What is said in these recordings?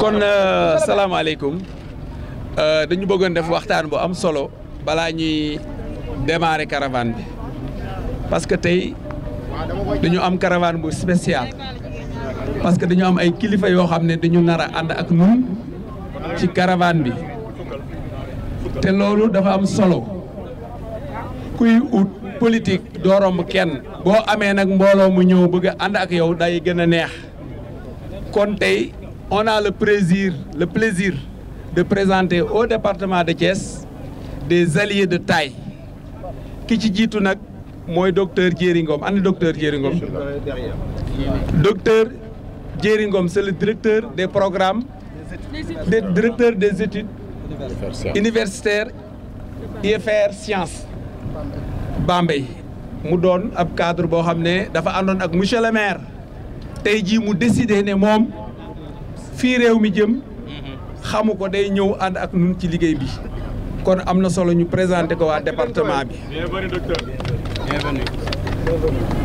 kon euh, salaamaaleykum euh, dañu bëggoon def waxtaan bu am solo balaa ñuy démarrer caravane bi parce que tey dañu am caravane bu spécial parce que dañu am ay kilifa yoo xam ne dañu nar a ànd ak nun ci caravane bi te loolu dafa am solo kuy ut politique doo kenn boo amee nag mbooloo mu ñëw bëgg ànd ak yow day gën a neex on a le plaisir le plaisir de présenter au département de Thiès des alliés de taille qui dit tout docteur suis le docteur Geringom. docteur Geringom, c'est le directeur des programmes des directeur des études universitaires IFR Sciences bambay mu donne un cadre boo xam tey jii mu décider né mom fi réew mi jëm xamuko day ñëw and ak ñun ci liggéey bi kon amna solo ñu présenter ko wa département bi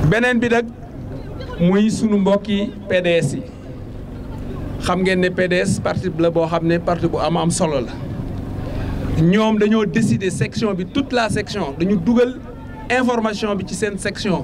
benen bi nak muy sunu mbokki PDS yi xam ngeen né PDS parti bleu bo xamné parti bu am am solo la ñom dañoo décider section bi toute la section dañu duggal information bi ci sen section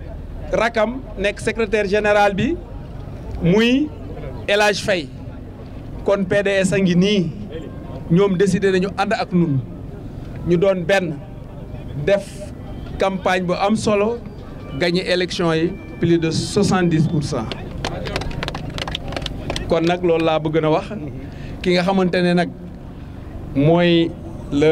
rakam nekk secrétaire général bi muy El Hadj kon PDS a ngi nii ñoom décidé nañu ànd ak nun ñu doon benn def campagne bu am solo gagné élection yi plus de 70 pour cent kon nag loolu laa bëgg na wax ki nga xamante ne nag mooy le.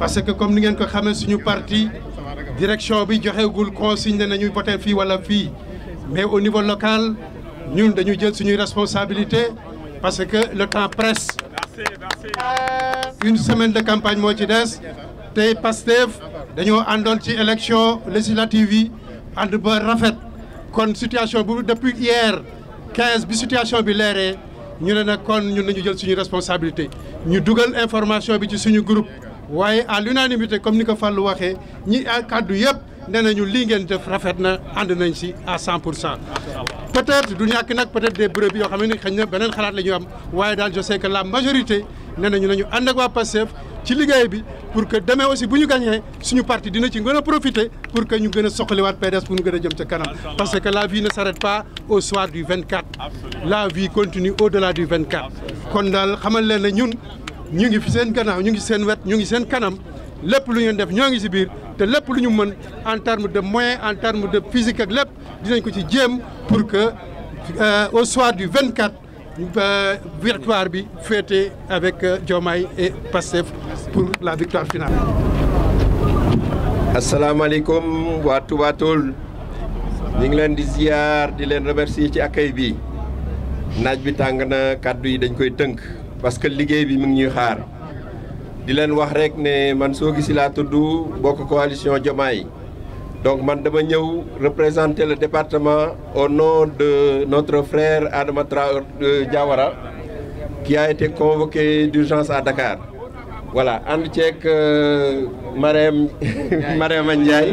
parce que comme nous ngeen ko xamee suñu parti direction bi joxeegul consigne ne de voter ou wala fille. mais au niveau local nous avons jël responsabilité parce que le temps presse une semaine de campagne moo ci des nous avons nous àndoon ci élection législative yi ànd ba rafet kon situation depuis hier 15 bi situation bi leeree ñu ne nag kon ñun responsabilité ñu information bi ci groupe mais à l'unanimité comme ni ko Fallou nous ñi à yëpp nee que nous ngeen def rafet na à 100 peut-être que nous nag peut-être des brebis qui xam ne xëy na la je sais que la majorité nous nañu fait ànd ak ci pour que demain aussi si nous gagnons, suñu parti dina ci profiter pour que nous puissions a soxaliwaat PDS pour nous jëm parce que la vie ne s'arrête pas au soir du 24 la vie continue au-delà du 24 kon daal xamal leen ñu ngi fi seen gannaaw ñu ngi seen wet ñu ngi seen kanam lépp lu ñu def ñoo ngi si biir te lépp lu ñu mën en terme de moyen en terme de physique ak lépp dinañ ko ci jéem pour que euh, au soir du 24 euh, victoire bi fêtée avec euh, Diomaye et Pastef pour la victoire finale. asalaamaaleykum wa Touba Toul ñu ngi leen di ziar di leen remercier ci accueil bi naaj bi tàng na kàddu yi dañ koy tënk parce que le bi est ngi ñuy xaar di leen wax rek ne man de coalition donc je dama représenter le département au nom de notre frère Adama Traoré euh, Diawara qui a été convoqué d'urgence à Dakar voilà ànd Tchèque, euh,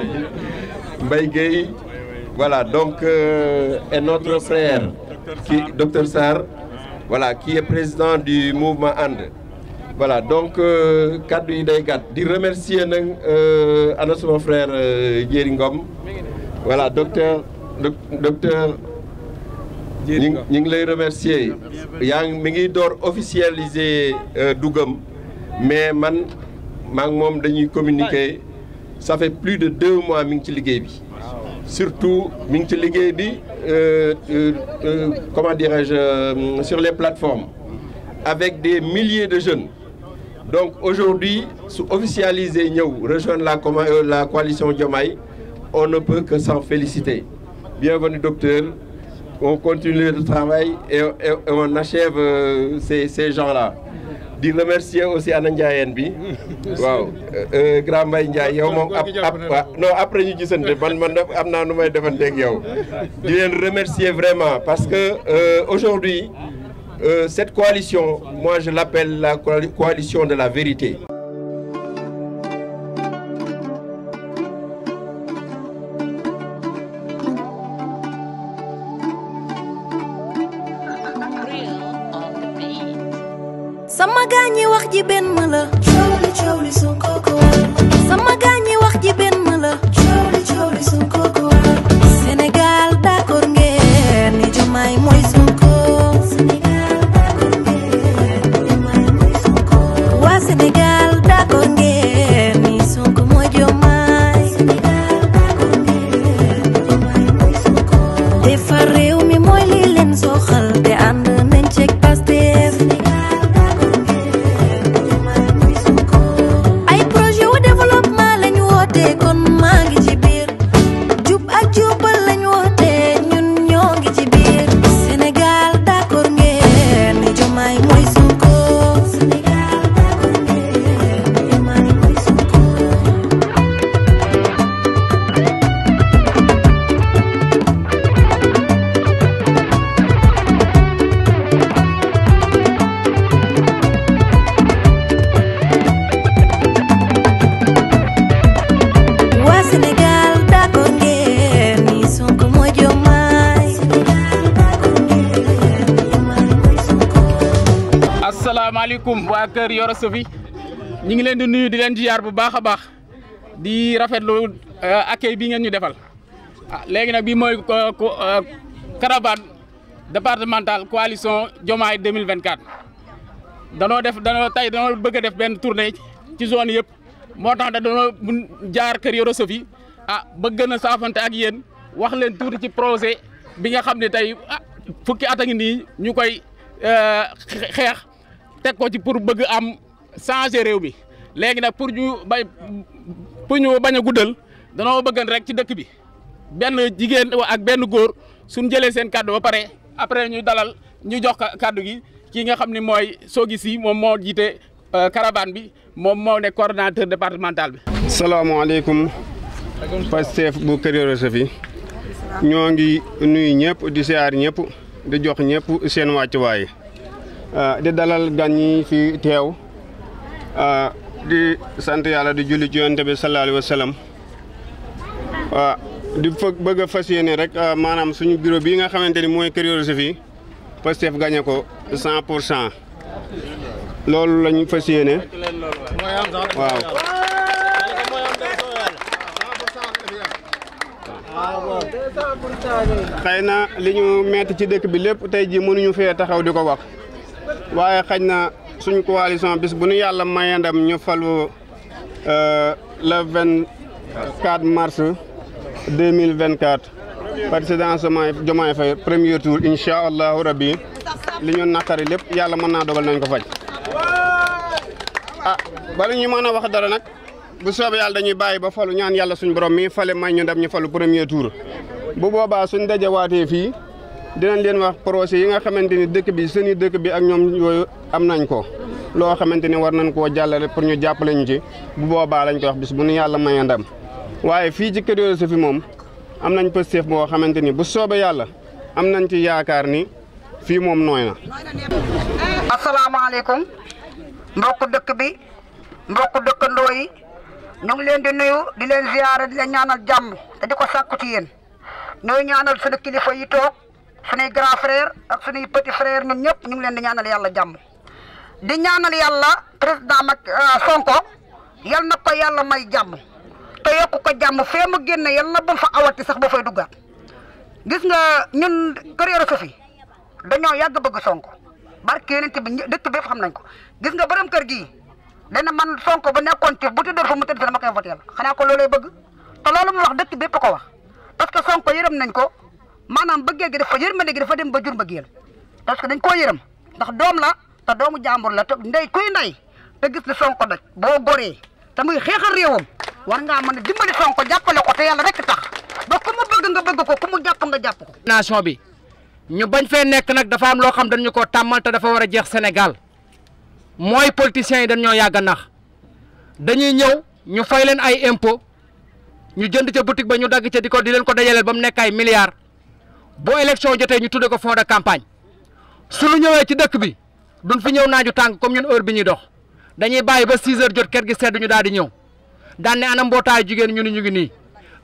Ndiaye voilà donc euh, et notre frère qui docteur Sarr voilà qui est président du mouvement And voilà donc euh, kaddu yi day gàtt di remercier nag euh, ana frère euh, Diéry Ngom voilà docteur docteur ñu ñu ngi Mingi Dor officialiser dugam mais man maa mom communiqué. dañuy communiquer ça fait plus de deux mois Mingi ngi ci bi surtout Mingi ngi ci bi euh, euh, euh, comment dirais-je, sur les plateformes, avec des milliers de jeunes. Donc aujourd'hui, officialiser Niaou, rejoindre la, la coalition Diomaye, on ne peut que s'en féliciter. Bienvenue docteur, on continue le travail et, on achève ces gens-là di remercier aussi ana Ndiayeen bi waaw euh, euh, grand Mbaye Ndiaye yow moom non après ñu gissante ban man am naa nu may defanteeg yow di len remercier vraiment parce que euh, aujourd'hui cette coalition moi je l'appelle la coalition de la vérité gaañi wax ji benn la coow li coow li Sonko ko sama gaañi asalaamaaleykum waa kër Yoro Sofi ñu ngi leen di nuyu di leen ziar bu baax a baax di rafetlu euh, accueil bi ngeen ñu defal ah, léegi nag bi mooy euh, euh, caravane départementale coalition Diomaye 2024 danoo def danoo tey danoo bëgg def benn tournée ci zone yëpp moo tax da danoo jaar kër Yoro Sofi ah bëgg na saafante ak yéen wax leen tuuti ci projet bi nga xam ne tey ah, fukki at a nii ñu koy xeex teg ko ci pour bëgg am changer réew mi léegi nag pour ñu bay pour ñu bañ a guddal danoo bëggan rek ci dëkk bi benn jigéen ak benn góor suñ jëlee seen kàddu ba pare après ñu dalal ñu jox kàddu gi kii nga xam ni mooy Sogui Sy moom moo jiite euh, caravane bi moom moo nekk coordonnateur départemental bi. salaamaaleykum Pastef bu Keur Yoros fi ñoo ngi nuyu ñëpp di siyaar ñëpp di jox ñëpp seen wàccuwaay. Ah, di dalal gan ñi fi teew ah, di sant ala di julli ci yonte bi sallallahu alayhi wasallam ah, di bëgg a fas yéene rek maanaam suñu bureau bii nga xamante ni mooy kër Yorou fii Pastef gagné ko cent Wow. cent loolu lañu fas yéene waaw xëy na li metti ci dekk bi lepp tay ji mënuñu fee taxaw di wax waaye xaj na suñ coalition bis bu nu yàlla mayee ndam ñu falu euh, le vingt quatre mars deux mille vingt quatre président Diomaye Diomaye Faye premier tour incha allahu rabbi li ñu naqari lépp yàlla mën naa dogal nañ ko faj ah bala ñu mën a wax dara nag bu soobee yàlla dañuy bàyyi ba falu ñaan yàlla suñ borom mii fale may ñu ndam ñu falu premier tour bu boobaa suñ dajewaatee fii. dinañ leen wax projet yi nga xamanteni ni dëkk bi seeni i dëkk bi ak ñom yoyu am nañ ko lo xamanteni war nañ ko jallale pour ñu jàppale ñu ci bu boba lañ ko wax bis bu ñu yalla may ndam waye fi ci Kër fi mom am nañ pësteef boo xamante ni bu soobe yalla am nañ ci yaakar ni fi mom na. alaykum mbokk dëkk bi mbokk ndoy ñu ngi leen di nuyu di leen ziaré di leen ñaanal jamm te diko sakku ci yeen ñaanal sunu kilifa yi tok suñuy grand frère ak suñuy petit frère ñun ñëpp ñu ngi leen di ñaanal yalla jamm di ñaanal yalla président mak euh, Sonko yalla nako yalla may jamm te yokku ko jamm fe mu genn yalla bu fa awati sax ba fay dugga gis nga ñun carrière Yoro Sofi dañoo yag bëgg Sonko barke yenente bi dëkk bëf xam nañ ko gis nga borom kër gi dana man Sonko bu nekkon ci bu tëddee fa mu tëdd dama koy voté xana ko lolay bëgg te lolum wax dëkk bëpp ko wax parce que Sonko yërëm nañ ko maanaam bëgg bëggee gi dafa yërmande gi dafa dem ba jur mbëggeel parce que dañ koo yërëm ndax doom la te doomu jàmbur la te ndey kuy ndey te gis ne Sonko daj boo goree te muy xeexal war ngaa mën a dimbali Sonko jàppale ko te yàlla rek tax ba ku mu bëgg nga bëgg ko ku mu jàpp nga jàpp ko. bi ñu bañ fee nekk nag dafa am loo xam dañu ko tàmmal te dafa war a jeex senegal mooy politiciens yi dañoo yàgg a nax dañuy ñëw ñu fay leen ay impôt ñu jënd ca boutique ba ñu dagg ca di ko di ko dajaleel ba mu nekk ay milliards. boo élection jotee ñu tuddee ko fond de campagne su lu ñëwee ci dëkk bi duñ fi ñëw naaju tàng comme ñun heure bi ñuy dox dañuy bàyyi ba 6 heures jot kër gi sedd ñu daal di ñëw daan ne ana mbootaayu jigéen ñu ni ñu ngi nii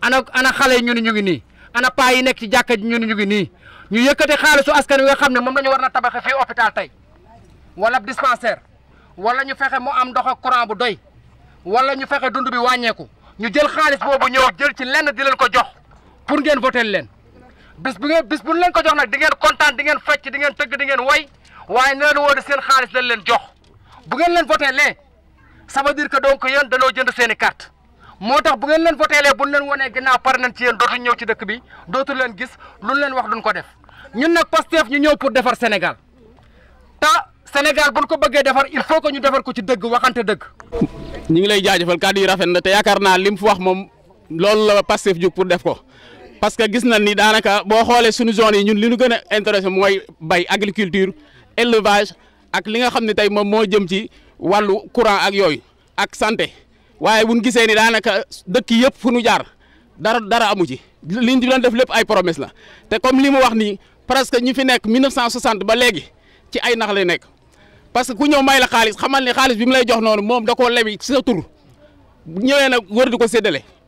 ana ana xale ñu ni ñu ngi nii ana paa yi nekk ci jàkka ji ñu ni ñu ngi nii ñu yëkkate xaalisu askan wi nga xam ne moom la ñu war na tabaxe fii hôpital tey wala dispensaire wala ñu fexe mu am ndox ak courant bu doy wala ñu fexe dund bi wàññeeku ñu jël xaalis boobu ñëw jël ci lenn di leen ko jox pour ngeen voté leen bis bu ngeen bis bu leen ko jox nag di ngeen content di ngeen fecc di ngeen tëgg di ngeen way waaye na leen wóor seen xaalis lañ leen jox bu ngeen leen voté lee ça veut dire que donc yéen danoo jënd seen i carte moo tax bu ngeen leen voté lee bu leen wonee ginnaaw par nañ ci yéen dootuñ ñëw ci dëkk bi dootu leen gis lu leen wax duñ ko def ñun nag Pastef ñu ñëw pour defar Sénégal ta Sénégal buñ ko bëggee defar il faut que ñu defar ko ci dëgg waxante dëgg. ñi ngi lay jaajëfal kàddu yi rafet na te yaakaar naa li fi wax moom loolu la Pastef jóg pour def ko. parce que gis nañ ni daanaka boo xoolee suñu zone yi ñun li nu gën a intéressé mooy bay agriculture élevage ak li nga xam ne tey moom moo jëm ci wàllu courant ak yooyu ak santé waaye bu gisee ni daanaka dëkk yëpp fu ñu jaar dara dara amu ci liñ doon def lépp ay promesse la te comme li mu wax nii presque ñi fi nekk 1960 ba léegi ci ay nax lay nekk parce que ku ñëw may la xaalis xamal ne xaalis bi mu lay jox noonu moom da koo lebi ci sa tur ñëwee nag wër di ko séddale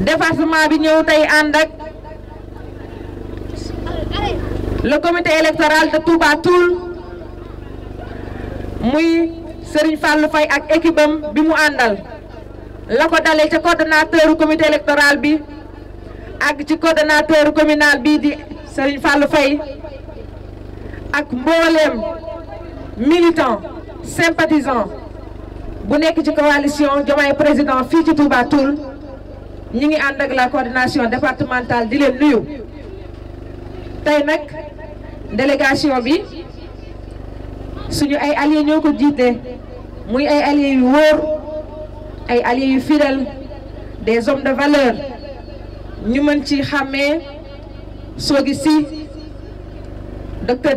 département bi ñëw tey ànd ak le comité électoral de Touba Toul muy Serigne Fallou Faye ak équipe bi mu àndal la ko dalee ca coordonnateur comité électoral bi àgg ci coordonnateur comminal bii di Serigne Fallou Faye ak mbooleem militant sympathisant bu nekk ci coalition Diomaye président fii ci Touba Toul nous ngi la coordination départementale de leen nuyu délégation nous suñu ay alliés muy alliés yu des hommes de valeur ñu mën ci Dr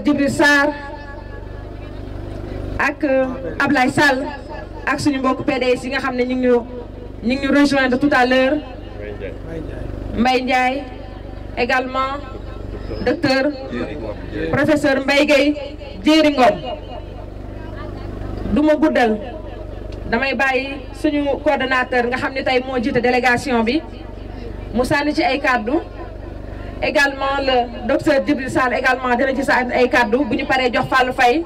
ak euh, Ablaye Sall ak suñu mbokk PDS yi nga tout à l'heure Mbaye Ndiaye également docteur professeur Mbaye Gueye Jéeri Ngom du guddal damay bàyyi suñu coordonnateur nga xam ne tey moo jiite délégation bi mu sànni ci ay kàddu également le docteur Djibril Sall également dina ci sànni ay kàddu bu ñu paree jox Fallou fay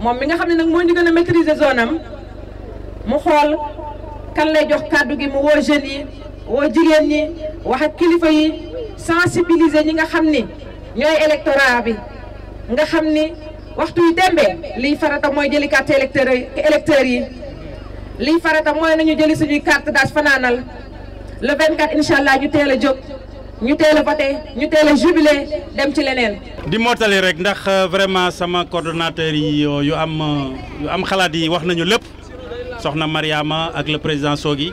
moom mi nga xam ne nag moo ñu gën a zone am mu xool kan lay jox kàddu gi mu woo jeunes woo jigéen ñi wax ak kilifa yi sensibiliser ñi nga xam ni ñooy électorat bi nga xam ni waxtu yu tembe liy farata mooy jëli carte électeur électeurs yi liy farata mooy nañu jëli suñuy carte daas fanaanal le 24 incha allah ñu teel a jóg ñu teel a voté ñu teel a jubilé dem ci leneen. di mottali rek ndax euh, vraiment sama coordonnateur yi euh, yu am euh, yu am xalaat yi wax nañu lépp soxna Mariama ak le président Sogui.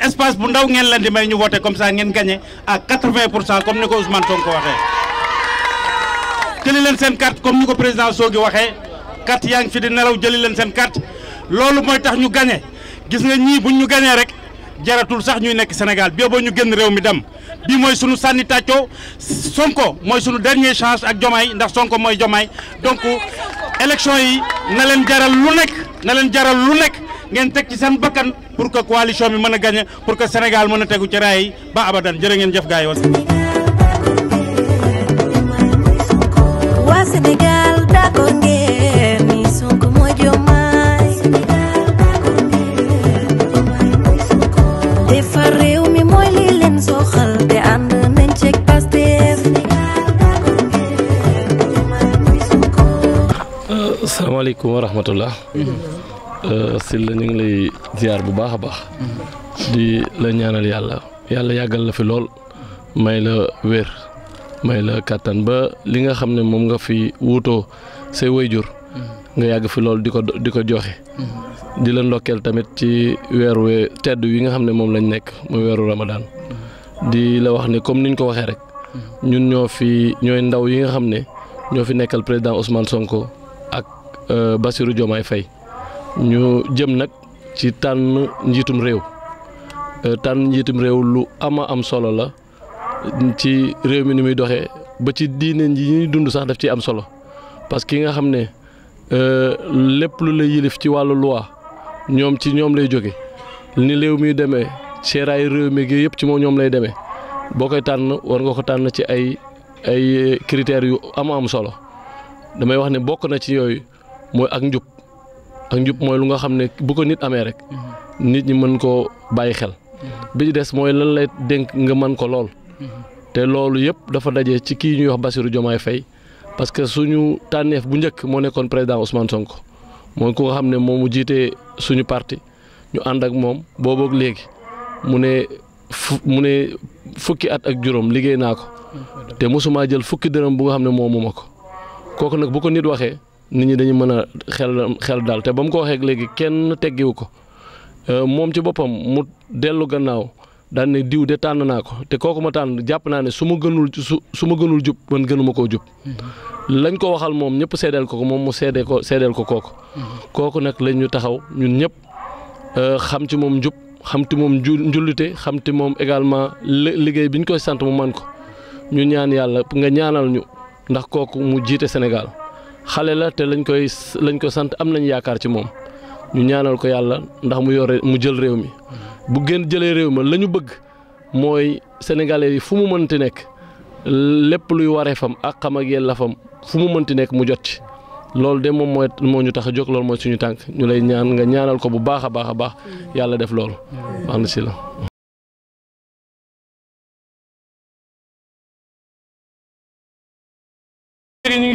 espace bu ndaw ngeen leen di may ñu voté comme ça ngeen gagné à 80 pour cent comme ni ko Ousmane Sonko waxee. jëli leen seen carte comme ni ko président Sogi waxee carte yaa ngi fi di nelaw jëli leen seen carte loolu mooy tax ñu gagné gis nga ñii buñ ñu gagné rek jaratul sax ñuy nekk Sénégal bi boo ñu génn réew mi dem. bii mooy sunu sànni tàccoo Sonko mooy sunu dernier chance ak Jomaay ndax Sonko mooy Jomaay donc élection yi na leen jaral lu nekk na leen ngeen tek ci seen bakkan pour que coalition bi meuna gagner pour que Sénégal meuna teggu ci ray ba abadan jere ngeen jëf gaay wal Sénégal d'accord ngeen ni Sonko mooy Euh, Sylla ñu ngi lay ziar bu baax a baax. di la ñaanal yàlla yàlla yàggal la fi lool may la wér may la kàttan ba li nga xam ne moom nga fi wuutoo say wayjur nga yàgg fi lool di ko di ko joxe. di la ndokkeel tamit ci weeru we tedd yi nga xam ne moom lañ nekk muy weeru Ramadan di la wax ne comme niñ ko waxee rek ñun ñoo fi ñooy ndaw yi nga xam ne ñoo fi nekkal président Ousmane Sonko ak euh, Bassirou Diomaye fay ñu jëm nag ci tànn njiitum réew euh, tànn njiitum réew lu ama am solo la ci réew mi ni muy doxee ba ci diine ji ñuy dund sax daf ci am solo parce que ki nga xam ne euh, lépp lu la yilif ci wàllu loi ñoom ci ñoom lay jóge ni réew mi demee seeraay réew mi gi yëpp ci moo ñoom lay demee boo koy tànn war nga ko tànn ci ay ay critères yu am a am solo damay wax ne bokk na ci yooyu mooy ak njub ak njub mooy lu nga xam ne bu ko nit amee rek nit ñi mën koo bàyyi xel bi ci des mooy lan la dénk nga mën ko lool te loolu yëpp dafa daje ci kii ñuy wax Bassirou Diomaye Faye parce que suñu tànneef bu njëkk moo nekkoon président Ousmane Sonko mooy ku nga xam ne moom mu jiitee suñu parti ñu ànd ak moom boobook léegi mu ne mu ne fukki at ak juróom liggéey naa ko te mosumaa jël fukki dërëm bu nga xam ne moom mu ma ko kooku nag bu ko nit waxee nit ñi dañu mën a xel xel daal te ba mu ko waxee léegi kenn teggiwu ko euh, moom ci boppam mu dellu gannaaw daan ne diw de tànn naa ko te kooku ma tànn jàpp naa ne su ma gënul su su ma gënul jub man gënuma koo jub mm-hmm. lañ ko waxal moom ñëpp seddal ko moom mu seedee ko seedeel ko kooku mm-hmm. kooku nag lañ ñu taxaw ñun ñëpp euh, xam ci moom njub xam te moom njullite xam ti moom également liggéey bi ñu koy sant mu man ko ñu ñaan yàlla nga ñaanal ñu ndax kooku mu jiite Sénégal xale la te lañ koy lañ ko sant am nañ yaakaar ci moom ñu ñaanal ko yàlla ndax mu yore mu jël réew mi bu gën jëlee réew ma la ñu bëgg mooy sénégalais yi fu mu mënti nekk lépp luy fam ak xam ak fam fu mu mënti nekk mu jot ci loolu de moom mooy moo ñu tax a jóg loolu mooy suñu tànk ñu lay ñaan nga ñaanal ko bu baax a baax a baax mm. yàlla def loolu mm. wax na si la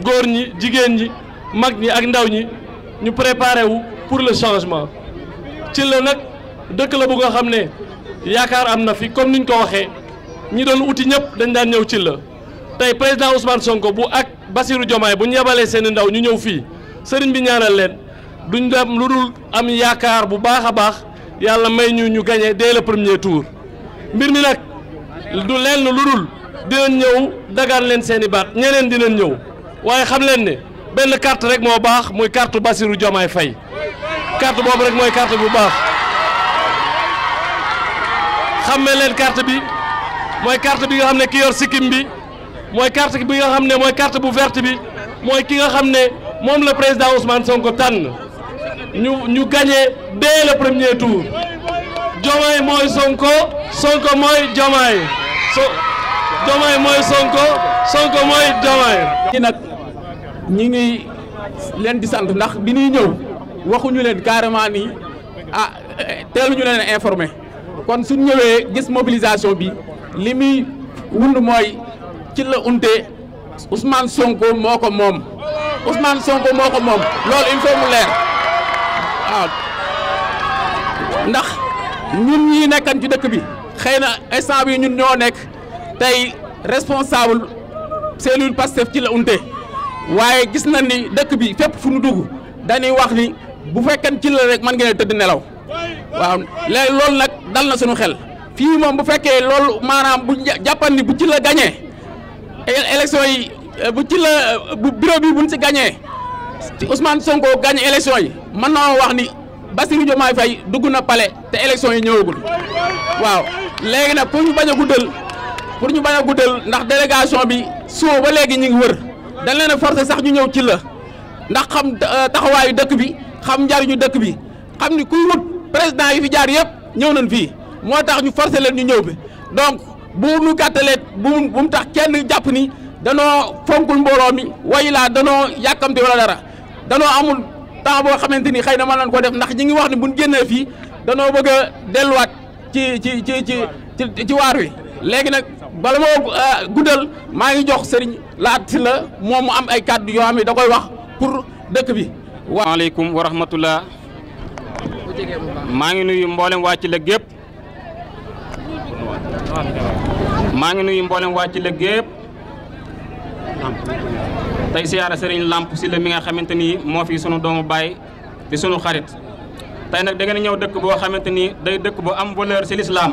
Gorni, ñi Magni, ñi mag ñi ak ndaw ñi ñu préparer wu pour le changement ci le nak dekk la bu nga yaakar amna fi comme niñ ko waxé ñi doon uti ñep dañ daan ñew ci le tay président Ousmane Sonko bu ak basirou jomay bu ñu seen ndaw ñu ñew fi serigne bi ñaanal leen duñ dem am yaakar bu bahabah baax yalla may ñu ñu gagné dès le premier tour mbir mi nak du lenn lu dinañ ñew dagaan leen seen baat ñeneen dinañ ñew waaye xam leen ne benn carte rek moo baax muy carte Bassirou Diomaye Faye carte boobu rek mooy carte bu baax xammee leen carte bi mooy carte bi nga xam ne ki yor sikkim bi mooy carte bi nga xam ne mooy carte bu verte bi mooy ki nga xam ne moom la président Ousmane Sonko tànn ñu ñu gagné dès premier tour Diomaye mooy Sonko Sonko mooy Diomaye so Diomaye mooy Sonko Sonko mooy Diomaye. ñi ngi leen di sant ndax bi ñuy ñëw waxuñu leen carrément ni ah teeluñu leen informé kon suñ ñëwee gis mobilisation bi limi muy wund mooy ci la unte Ousmane Sonko moo ko moom Ousmane Sonko moo ko moom lool il faut leer waaw ndax ñun ñi nekkan ci dëkk bi xëy na instant bi ñun ñoo nekk tey responsable cellule Pastef ci la unte waye gis na ni dekk bi fep fu nu dugg dañuy wax ni bu fekkee ci la rek man ngeen teud nelaw waaw lay loolu nak dal na suñu xel fi mom bu fekke loolu manam bu jàppan ni bu ci la gagné élection yi bu ci la bu bureau bi buñ ci gagné Ousmane Sonko gagné élection yi man na wax ni Diomaye Faye dugg na palais te élection yi ñëwagul waaw légui nak pour ñu guddal pour ñu baña guddal ndax délégation bi so ba légui ñi ngi wër dañ leen a forcé sax ñu ñëw ci la ndax xam euh, taxawaayu dëkk bi xam njariñu dëkk bi xam ni kuy wut président yi fi jaar yëpp ñëw nañ fii moo tax ñu forcé leen ñu ñëw bi donc bu mu gàttalee bu mu tax kenn jàpp ni danoo fonkul mbooloo mi way danoo yàkkamte wala dara danoo amul temps boo xamante ni xëy na ma nañ ko def ndax ñi ngi wax ni buñ génnee fii danoo bëgg delluwaat ci ci ci ci waar wi léegi nag bala moo euh, guddal maa ngi jox sëriñ laat laati la moom mu am ay kàddu yoo xam ne da koy wax pour dëkk bi. waaleykum wa rahmatullah maa ngi nuyu mboolem waa ci la gépp maa ngi nuyu mboolem waa ci la gépp tey siyaara sëriñ Lamp si la mi nga xamante ni moo fi sunu doomu baay di sunu xarit tey nag da ngeen ñëw dëkk boo xamante ni day dëkk bu am valeur si lislaam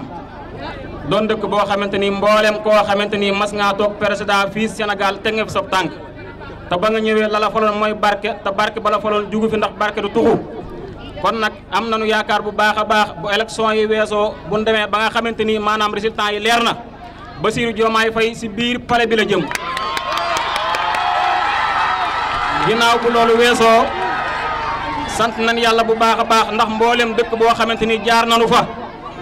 donde dekk bo xamanteni mbollem ko xamanteni mas nga tok president fi senegal teg sok tank ta ba nga ñewé la la falon moy barké ta barké ba la faloon jugu fi ndax barké du tuxu kon nak am nañu yaakar bu baaxa baax bu election yi wéso bu ñu ba nga xamanteni manam résultat yi lérna na jomay fay ci biir palais bi la jëm ginaaw bu lolu wéso sant nañ yalla bu baaxa baax ndax mbollem dekk bo xamanteni jaar nañu fa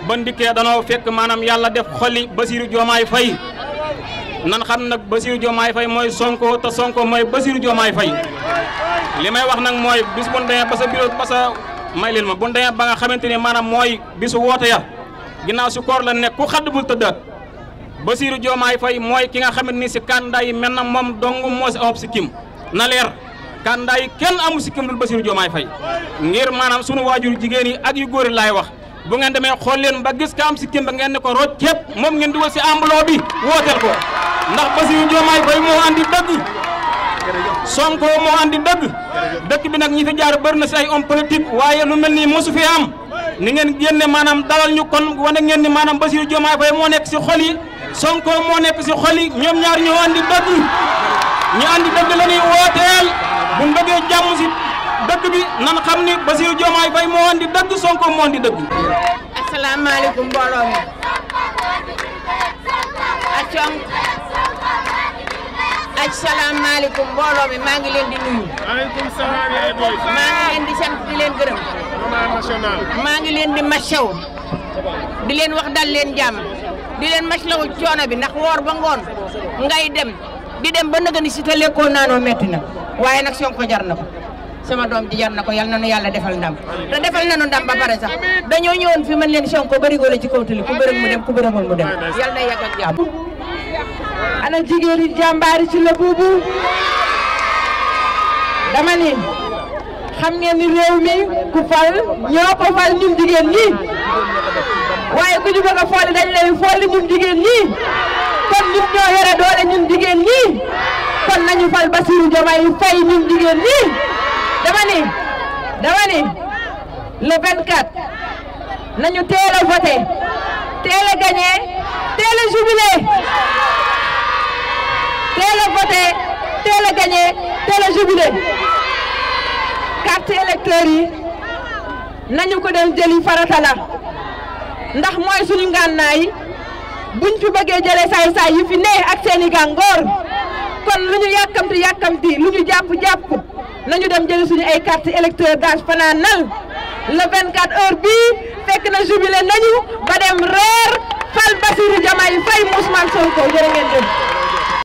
ban dikkee danoo fekk manam yalla def xoli Basiru jomay Fay nan xam nak Basiru jomay Fay moy Sonko ta Sonko moy Basiru jomay Fay limay wax nak moy bis bon daya passa biro passa may len ma bon daya ba nga xamanteni manam moy bisu ya ginaaw su kor la nek ku bul Basiru jomay Fay moy ki nga xamanteni ci si candidat yi mel na moom dong moo si kim na leer kenn amu dul Basiru jomay Fay ngir manam sunu wajur jigéen yi ak yu lay wax bu ngeen demé xol leen ba gis ka am si ba ngeen ne ko rooj képp mom ngeen dugal si ambaloo bi wotel ko ndax Bassirou jomay bay mo andi deug Sonko mo andi deug dekk bi nak ñi fi jaar bërna ci ay homme politique waye lu melni mo su fi am ni ngeen genné manam dalal ñu kon wone ngeen ni manam Bassirou jomay bay mo nek ci xol yi Sonko mo nek ci xol yi ñom ñaar ñu andi deug ñu andi deug la ñuy wooteel bu ngeen bëggee jàmm si dëgg bi nan xam ni Bassirou Diomaye Faye moo woon dëgg Sonko mo woon dëgg assalamu alaykum mbolo mi. assalamu alaykum mbolo mi ma ngi leen di nuyu. alaykum salaam yaay boy ma ngi leen di sant di leen gërëm. national. ma ngi leen di machaw di leen wax dal leen jam di leen machlaw ciona bi ndax wor ba ngon ngay dem di dem ba nëgëni ci te lekko nano metti na waaye nag Sonko jar na sama doom ji yar na ko yal na nu yàlla defal ndam te defal na nu ndam ba pare sax dañoo ñëwoon fi mën leen sonko bari góor la ci kaw tali ku bërëg mu dem ku mu dem yal na yàgg ana jigéen yi jàmbaari ci la buubu dama ni xam ngeen ni réew mi ku fal ñoo ko fal ñun jigéen ñi waaye ku ñu bëgg a fooli dañ lay fooli ñun jigéen ñi kon ñun ñoo yore doole ñun jigéen ñi kon nañu fal Bassirou Diomaye Faye ñun jigéen ñi dama ni dama ni nañu teel a voté teel a gagné teel a jubilé teel a voté teel a gagné teel a jubilé carte yi nañu ko dem jëli farata la ndax mooy suñu ngànnaay buñ fi bëggee jëlee saay-saay yi fi ne ak seeni gàngoor kon lu ñu yàkkamti yàkkamti lu ñu jàpp jàpp nañu dem jëli suñu ay carte électeur daaj fanaanal le 24 heures bii fekk na jubilé nañu ba dem reer fal Bassirou Diomaye Faye Ousmane Sonko jërë ngeen jëf